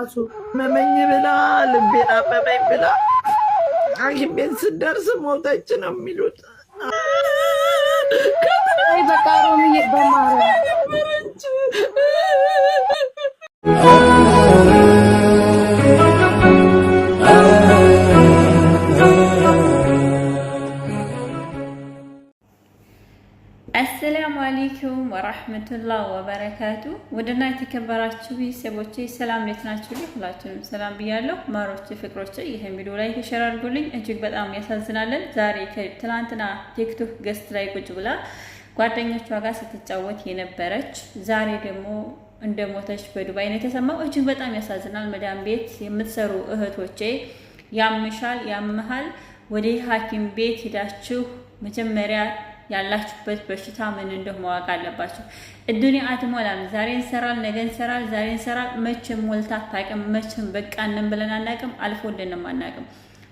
ራሱ መመኝ ብላ ልቤን አመመኝ ብላ ሐኪም ቤት ስደርስ ሞተች ነው የሚሉት። በቃ ሮሚ በማረ አለይኩም ወራህመቱላህ ወበረካቱ ውድና የተከበራችሁ ቤተሰቦቼ ሰላም እንዴት ናችሁ? ሁላችሁንም ሰላም ብያለሁ። ማሮች ፍቅሮች፣ ይህን ቪዲዮ ላይ ሸር አድርጉልኝ። እጅግ በጣም ያሳዝናለን። ዛሬ ትናንትና ቲክቶክ ገስት ላይ ቁጭ ብላ ጓደኞቿ ጋር ስትጫወት የነበረች ዛሬ ደግሞ እንደ ሞተች በዱባይ ነው የተሰማው። እጅግ በጣም ያሳዝናል። መዳም ቤት የምትሰሩ እህቶቼ ያምሻል፣ ያምሃል፣ ወደ ሐኪም ቤት ሄዳችሁ መጀመሪያ ያላችሁበት በሽታ ምን እንደሆነ ማወቅ አለባችሁ። እዱኒያ አትሞላም። ዛሬ እንሰራል፣ ነገ እንሰራል፣ ዛሬ እንሰራል። መቼም ሞልታ አታውቅም። መቼም በቃንም ብለን አናውቅም፣ አልፎልንም አናውቅም።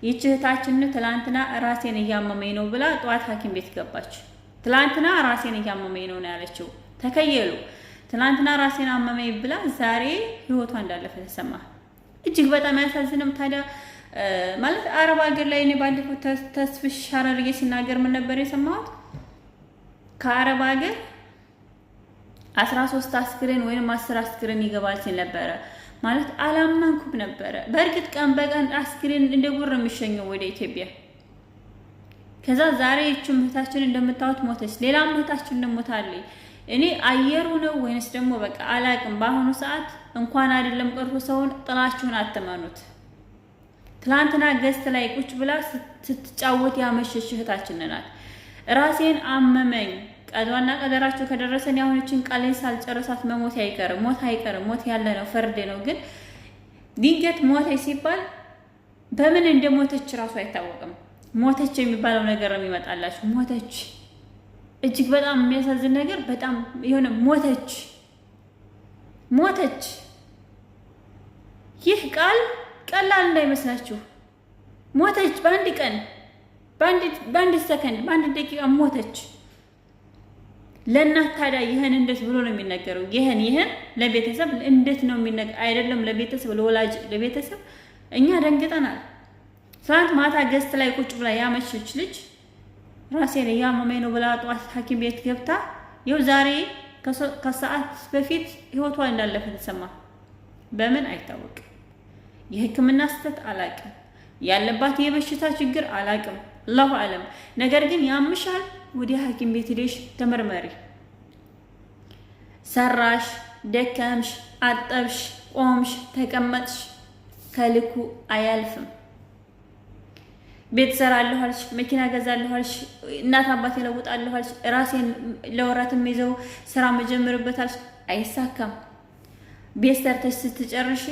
ይህች እህታችን ትላንትና ራሴን እያመመኝ ነው ብላ ጠዋት ሐኪም ቤት ገባች። ትላንትና ራሴን እያመመኝ ነው ነው ያለችው። ተከየሉ ትላንትና ራሴን አመመኝ ብላ ዛሬ ህይወቷ እንዳለፈ ተሰማ። እጅግ በጣም ያሳዝንም። ታዲያ ማለት አረብ ሀገር ላይ እኔ ባለፈው ተስፍሽ አረርጌ ሲናገር ምን ነበር የሰማሁት? ከአረብ ሀገር አስራ ሶስት አስክሬን ወይም አስር አስክሬን ይገባል ሲል ነበረ። ማለት አላመንኩም ነበረ። በእርግጥ ቀን በቀን አስክሬን እንደ ጉር የሚሸኘው ወደ ኢትዮጵያ። ከዛ ዛሬ ይችም እህታችን እንደምታወት ሞተች። ሌላም እህታችን እንደሞታለች። እኔ አየሩ ነው ወይንስ ደግሞ በቃ አላቅም። በአሁኑ ሰዓት እንኳን አይደለም ቀርቶ ሰውን ጥላችሁን አትመኑት። ትላንትና ገዝት ላይ ቁጭ ብላ ስትጫወት ያመሸች እህታችን ናት። ራሴን አመመኝ። ቀዷና ቀደራቸው ከደረሰን ያሁንችን ቃሌን ሳልጨረሳት መሞት አይቀርም። ሞት አይቀርም። ሞት ያለ ነው፣ ፈርድ ነው። ግን ድንገት ሞተች ሲባል በምን እንደ ሞተች ራሱ አይታወቅም። ሞተች የሚባለው ነገር ነው የሚመጣላችሁ። ሞተች እጅግ በጣም የሚያሳዝን ነገር፣ በጣም የሆነ ሞተች ሞተች። ይህ ቃል ቀላል እንዳይመስላችሁ ሞተች በአንድ ቀን በአንድ ሰከንድ በአንድ ደቂቃ ሞተች። ለእናት ታዲያ ይህን እንዴት ብሎ ነው የሚነገረው? ይህን ይህን ለቤተሰብ እንዴት ነው የሚነገ አይደለም ለቤተሰብ ለወላጅ ለቤተሰብ እኛ ደንግጠናል። ትናንት ማታ ገዝት ላይ ቁጭ ብላ ያመሸች ልጅ ላይ ያመመኝ ነው ብላ ጠዋት ሐኪም ቤት ገብታ ይኸው ዛሬ ከሰዓት በፊት ህይወቷ እንዳለፈ ተሰማ። በምን አይታወቅም። የህክምና ስህተት አላቅም፣ ያለባት የበሽታ ችግር አላቅም። አላሁ አለም። ነገር ግን ያምሻል፣ ወደ ሐኪም ቤት ሄደሽ ተመርመሪ። ሰራሽ፣ ደከምሽ፣ አጠብሽ፣ ቆምሽ፣ ተቀመጥሽ ከልኩ አያልፍም። ቤት ሰራለሁ አልሽ፣ መኪና ገዛለሁ አልሽ፣ እናት አባት የለውጣለሁ አልሽ፣ ራሴን ለወራት የሚይዘው ስራ መጀመርበት አልሽ፣ አይሳካም። ቤት ሰርተሽ ስትጨርሽ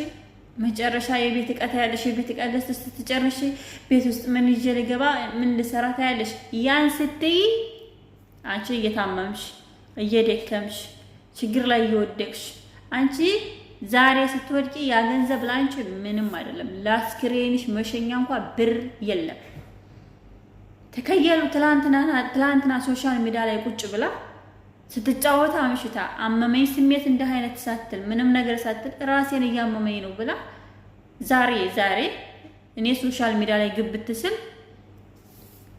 መጨረሻ የቤት እቃ ታያለሽ። የቤት እቃ ደስ ስትጨርሽ ቤት ውስጥ ምን ይዤ ልገባ፣ ምን ልሰራ ታያለሽ። ያን ስትይ አንቺ እየታመምሽ እየደከምሽ ችግር ላይ እየወደቅሽ አንቺ ዛሬ ስትወድቂ ያገንዘብ ላንቺ ምንም አይደለም። ላስክሬንሽ መሸኛ እንኳ ብር የለም። ተከየሉ ትላንትና ሶሻል ሚዲያ ላይ ቁጭ ብላ ስትጫወት አምሽታ አመመኝ ስሜት እንደ አይነት ሳትል ምንም ነገር ሳትል ራሴን እያመመኝ ነው ብላ ዛሬ ዛሬ እኔ ሶሻል ሚዲያ ላይ ግብት ስል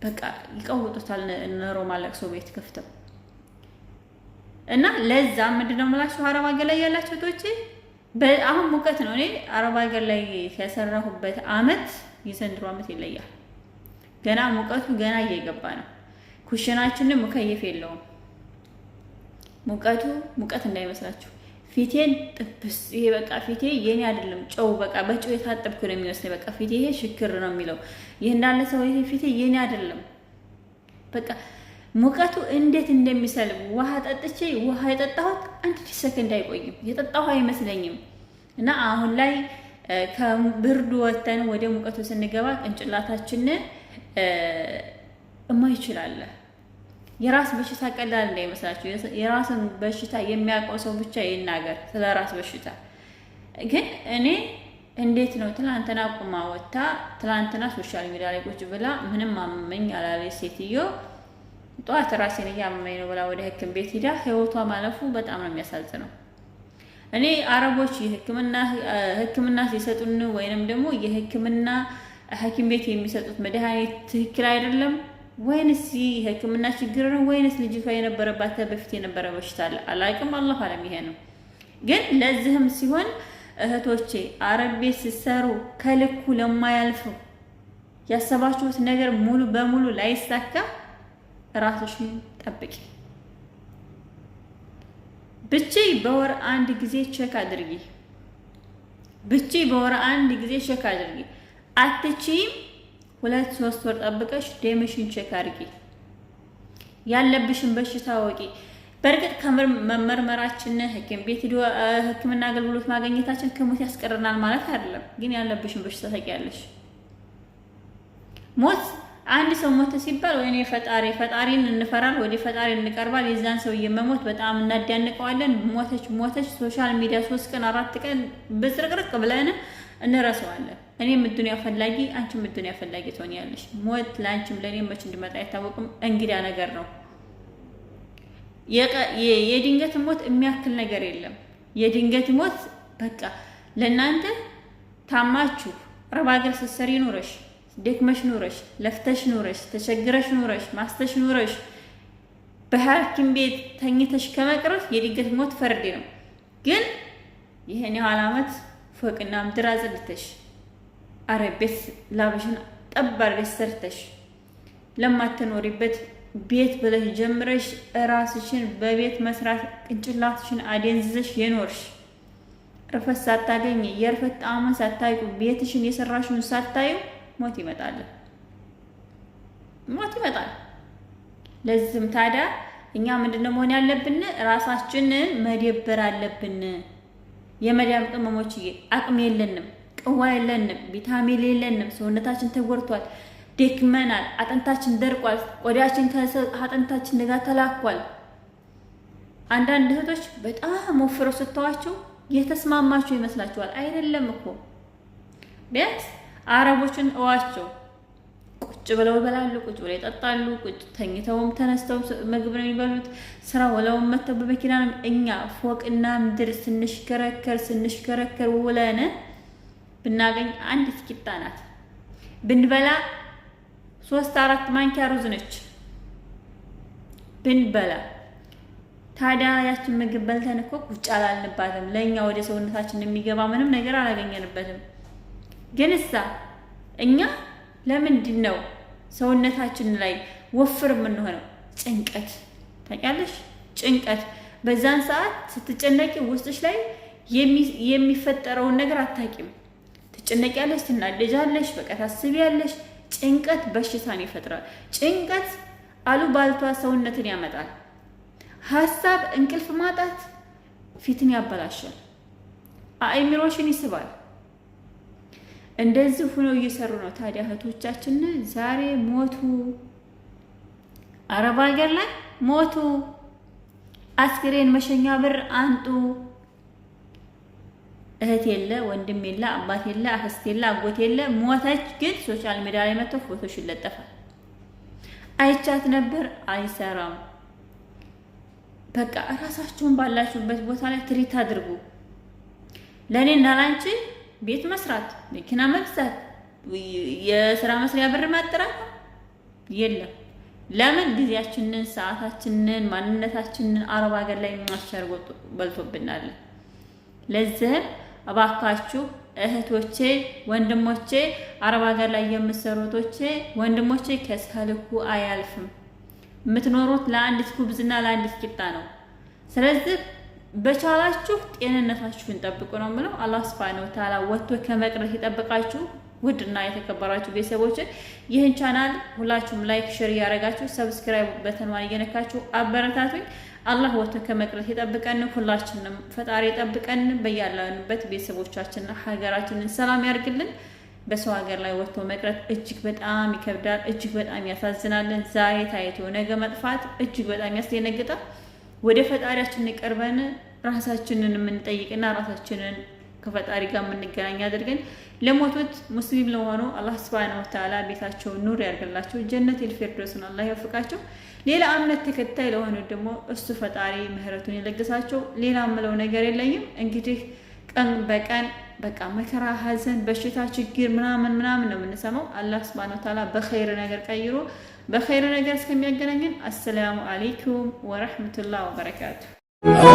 በቃ ይቀውጡታል። ኖሮ ሰው ቤት ከፍተው እና ለዛ ምንድነው የምላችሁ አረብ ሀገር ላይ ያላችሁ ቶቼ አሁን ሙቀት ነው። እኔ አረብ ሀገር ላይ ያሰራሁበት አመት የዘንድሮ አመት ይለያል። ገና ሙቀቱ ገና እየገባ ነው። ኩሽናችንም ሙከየፍ የለውም። ሙቀቱ ሙቀት እንዳይመስላችሁ ፊቴን ጥብስ። ይሄ በቃ ፊቴ የኔ አይደለም፣ ጨው በቃ በጨው የታጠብኩ ነው የሚመስለኝ። በቃ ፊቴ ይሄ ሽክር ነው የሚለው። ይህ እንዳለ ሰው ይሄ ፊቴ የኔ አይደለም። በቃ ሙቀቱ እንዴት እንደሚሰልም ውሃ ጠጥቼ ውሃ የጠጣሁት አንድ ሰከንድ አይቆይም፣ የጠጣሁ አይመስለኝም። እና አሁን ላይ ከብርዱ ወተን ወደ ሙቀቱ ስንገባ ቅንጭላታችን እማይችላለ የራስ በሽታ ቀላል እንዳይመስላችሁ። የራስን በሽታ የሚያውቀው ሰው ብቻ ይናገር ስለ ራስ በሽታ። ግን እኔ እንዴት ነው ትላንትና ቁማ ወጥታ ትላንትና ሶሻል ሚዲያ ላይ ቁጭ ብላ ምንም አመመኝ አላለች ሴትዮ። ጠዋት ራሴን እያመመኝ ነው ብላ ወደ ሕክም ቤት ሂዳ ህይወቷ ማለፉ በጣም ነው የሚያሳዝነው። እኔ አረቦች ሕክምና ሲሰጡን ወይንም ደግሞ የሕክምና ሐኪም ቤት የሚሰጡት መድኃኒት ትክክል አይደለም ወይንስ የህክምና ችግር ነው ወይንስ ልጅቷ የነበረባት በፊት የነበረ በሽታ አለ? አላውቅም። አላሁ አለም። ይሄ ነው ግን ለዚህም ሲሆን እህቶቼ አረቤ ቤት ሲሰሩ ከልኩ ለማያልፉ ያሰባችሁት ነገር ሙሉ በሙሉ ላይሳካ ራስሽን ጠብቂ። ብቻ በወር አንድ ጊዜ ቼክ አድርጊ። ብቺ በወር አንድ ጊዜ ቼክ አድርጊ። አትችይም ሁለት ሶስት ወር ጠብቀሽ ደምሽን ቼክ አድርጊ፣ ያለብሽን በሽታ ወቂ። በእርግጥ መመርመራችን ሐኪም ቤት ሂዶ ሕክምና አገልግሎት ማግኘታችን ከሞት ያስቀረናል ማለት አይደለም። ግን ያለብሽን በሽታ ታውቂያለሽ። ሞት አንድ ሰው ሞተ ሲባል ወይኔ ፈጣሪ ፈጣሪን እንፈራል፣ ወደ ፈጣሪ እንቀርባል። የዛን ሰው መሞት በጣም እናዳንቀዋለን። ሞተች ሞተች ሶሻል ሚዲያ ሶስት ቀን አራት ቀን ብጽርቅርቅ ብለን እንረሳዋለን። እኔም እዱንያ ፈላጊ፣ አንቺም እዱንያ ፈላጊ ትሆኛለሽ። ሞት ለአንቺም ለኔም መች እንድመጣ አይታወቅም። እንግዳ ነገር ነው። የድንገት ሞት የሚያክል ነገር የለም። የድንገት ሞት በቃ ለእናንተ ታማችሁ ረብ ሀገር ስትሰሪ ኑረሽ፣ ደክመሽ ኑረሽ፣ ለፍተሽ ኑረሽ፣ ተቸግረሽ ኑረሽ፣ ማስተሽ ኑረሽ በሐኪም ቤት ተኝተሽ ከመቅረት የድንገት ሞት ፈርድ ነው። ግን ይህን ያህል ፎቅና ምድር አዘልተሽ አረ ቤት ላብሽን ጠብ አድርገሽ ሰርተሽ ለማትኖሪበት ቤት ብለሽ ጀምረሽ ራስሽን በቤት መስራት ቅንጭላትሽን አደንዝዘሽ የኖርሽ እርፈት ሳታገኝ የእርፈት ጣዕሙን ሳታይቁ ቤትሽን የሰራሽውን ሳታዩ ሞት ይመጣል፣ ሞት ይመጣል። ለዚህም ታዲያ እኛ ምንድነው መሆን ያለብን? ራሳችንን መደበር አለብን። የመዳም ቅመሞችዬ አቅም የለንም፣ ቅዋ የለንም፣ ቪታሚን የለንም። ሰውነታችን ተጎድቷል፣ ደክመናል፣ አጥንታችን ደርቋል፣ ቆዳችን አጥንታችን ጋር ተላኳል። አንዳንድ እህቶች በጣም ወፍረው ስታዋቸው የተስማማቸው ይመስላችኋል። አይደለም እኮ ቢያንስ አረቦችን እዋቸው ቁጭ ብለው ይበላሉ፣ ቁጭ ብለው ይጠጣሉ፣ ቁጭ ተኝተውም ተነስተው ምግብ ነው የሚበሉት። ስራ ውለውም መተው በመኪና ነው። እኛ ፎቅና ምድር ስንሽከረከር ስንሽከረከር ውለን ብናገኝ አንድ ቂጣ ናት ብንበላ ሶስት አራት ማንኪያ ሩዝ ነች ብንበላ። ታዲያ ያችን ምግብ በልተን እኮ ቁጭ አላልንባትም። ለእኛ ወደ ሰውነታችን የሚገባ ምንም ነገር አላገኘንበትም። ግን እሳ እኛ ለምንድን ነው ሰውነታችን ላይ ወፍር የምንሆነው? ጭንቀት ታውቂያለሽ? ጭንቀት በዛን ሰዓት ስትጨነቂ ውስጥሽ ላይ የሚፈጠረውን ነገር አታቂም። ትጨነቂያለሽ፣ ትናደጃለሽ፣ በቃ ታስቢያለሽ። ጭንቀት በሽታን ይፈጥራል። ጭንቀት አሉባልቷ ሰውነትን ያመጣል። ሀሳብ፣ እንቅልፍ ማጣት ፊትን ያበላሻል። አእምሮሽን ይስባል። እንደዚህ ሆነው እየሰሩ ነው። ታዲያ እህቶቻችን ዛሬ ሞቱ፣ አረብ ሀገር ላይ ሞቱ። አስክሬን መሸኛ ብር አንጡ። እህት የለ፣ ወንድም የለ፣ አባት የለ፣ አክስት የለ፣ አጎት የለ፣ ሞተች። ግን ሶሻል ሚዲያ ላይ መጥቶ ፎቶሽ ይለጠፋል። አይቻት ነበር አይሰራም። በቃ እራሳችሁን ባላችሁበት ቦታ ላይ ትሪት አድርጉ። ለእኔ እና ላንቺ ቤት መስራት፣ መኪና መግዛት፣ የስራ መስሪያ ብር ማጥራት የለም። ለምን ጊዜያችንን፣ ሰዓታችንን፣ ማንነታችንን አረብ ሀገር ላይ ማስቸር በልቶብናል። ለዚህም እባካችሁ እህቶቼ፣ ወንድሞቼ አረብ ሀገር ላይ የምትሰሩ ወንድሞቼ ከሰልኩ አያልፍም። የምትኖሩት ለአንዲት ኩብዝና ለአንዲት ቂጣ ነው። ስለዚህ በቻላችሁ ጤንነታችሁን ጠብቁ ነው የምለው። አላህ ሱብሃነሁ ወተዓላ ወጥቶ ከመቅረት ይጠብቃችሁ። ውድና የተከበራችሁ ቤተሰቦች ይህን ቻናል ሁላችሁም ላይክ፣ ሼር እያደረጋችሁ ሰብስክራይብ በተንዋን እየነካችሁ አበረታቱኝ። አላህ ወጥቶ ከመቅረት ይጠብቀን፣ ሁላችንም ፈጣሪ ይጠብቀን። በያለንበት ቤተሰቦቻችን ሀገራችንን ሰላም ያርግልን። በሰው ሀገር ላይ ወጥቶ መቅረት እጅግ በጣም ይከብዳል፣ እጅግ በጣም ያሳዝናልን። ዛሬ ታይቶ ነገ መጥፋት እጅግ በጣም ያስደነግጣል። ወደ ፈጣሪያችን ቀርበን ራሳችንን የምንጠይቅና ራሳችንን ከፈጣሪ ጋር የምንገናኝ አድርገን ለሞቱት ሙስሊም ለሆኑ አላህ ስብሃነ ወተዓላ ቤታቸውን ኑር ያርግላቸው፣ ጀነት ኤልፌርዶስን አላህ ያወፍቃቸው። ሌላ እምነት ተከታይ ለሆኑ ደግሞ እሱ ፈጣሪ ምህረቱን ይለግሳቸው። ሌላ ምለው ነገር የለኝም እንግዲህ ቀን በቀን በቃ መከራ፣ ሀዘን በሽታ፣ ችግር ምናምን ምናምን ነው የምንሰማው። አላህ ሱብሃነሁ ወተዓላ በኸይር ነገር ቀይሮ በኸይር ነገር እስከሚያገናኘን አሰላሙ አሌይኩም ወረሕመቱላህ ወበረካቱ።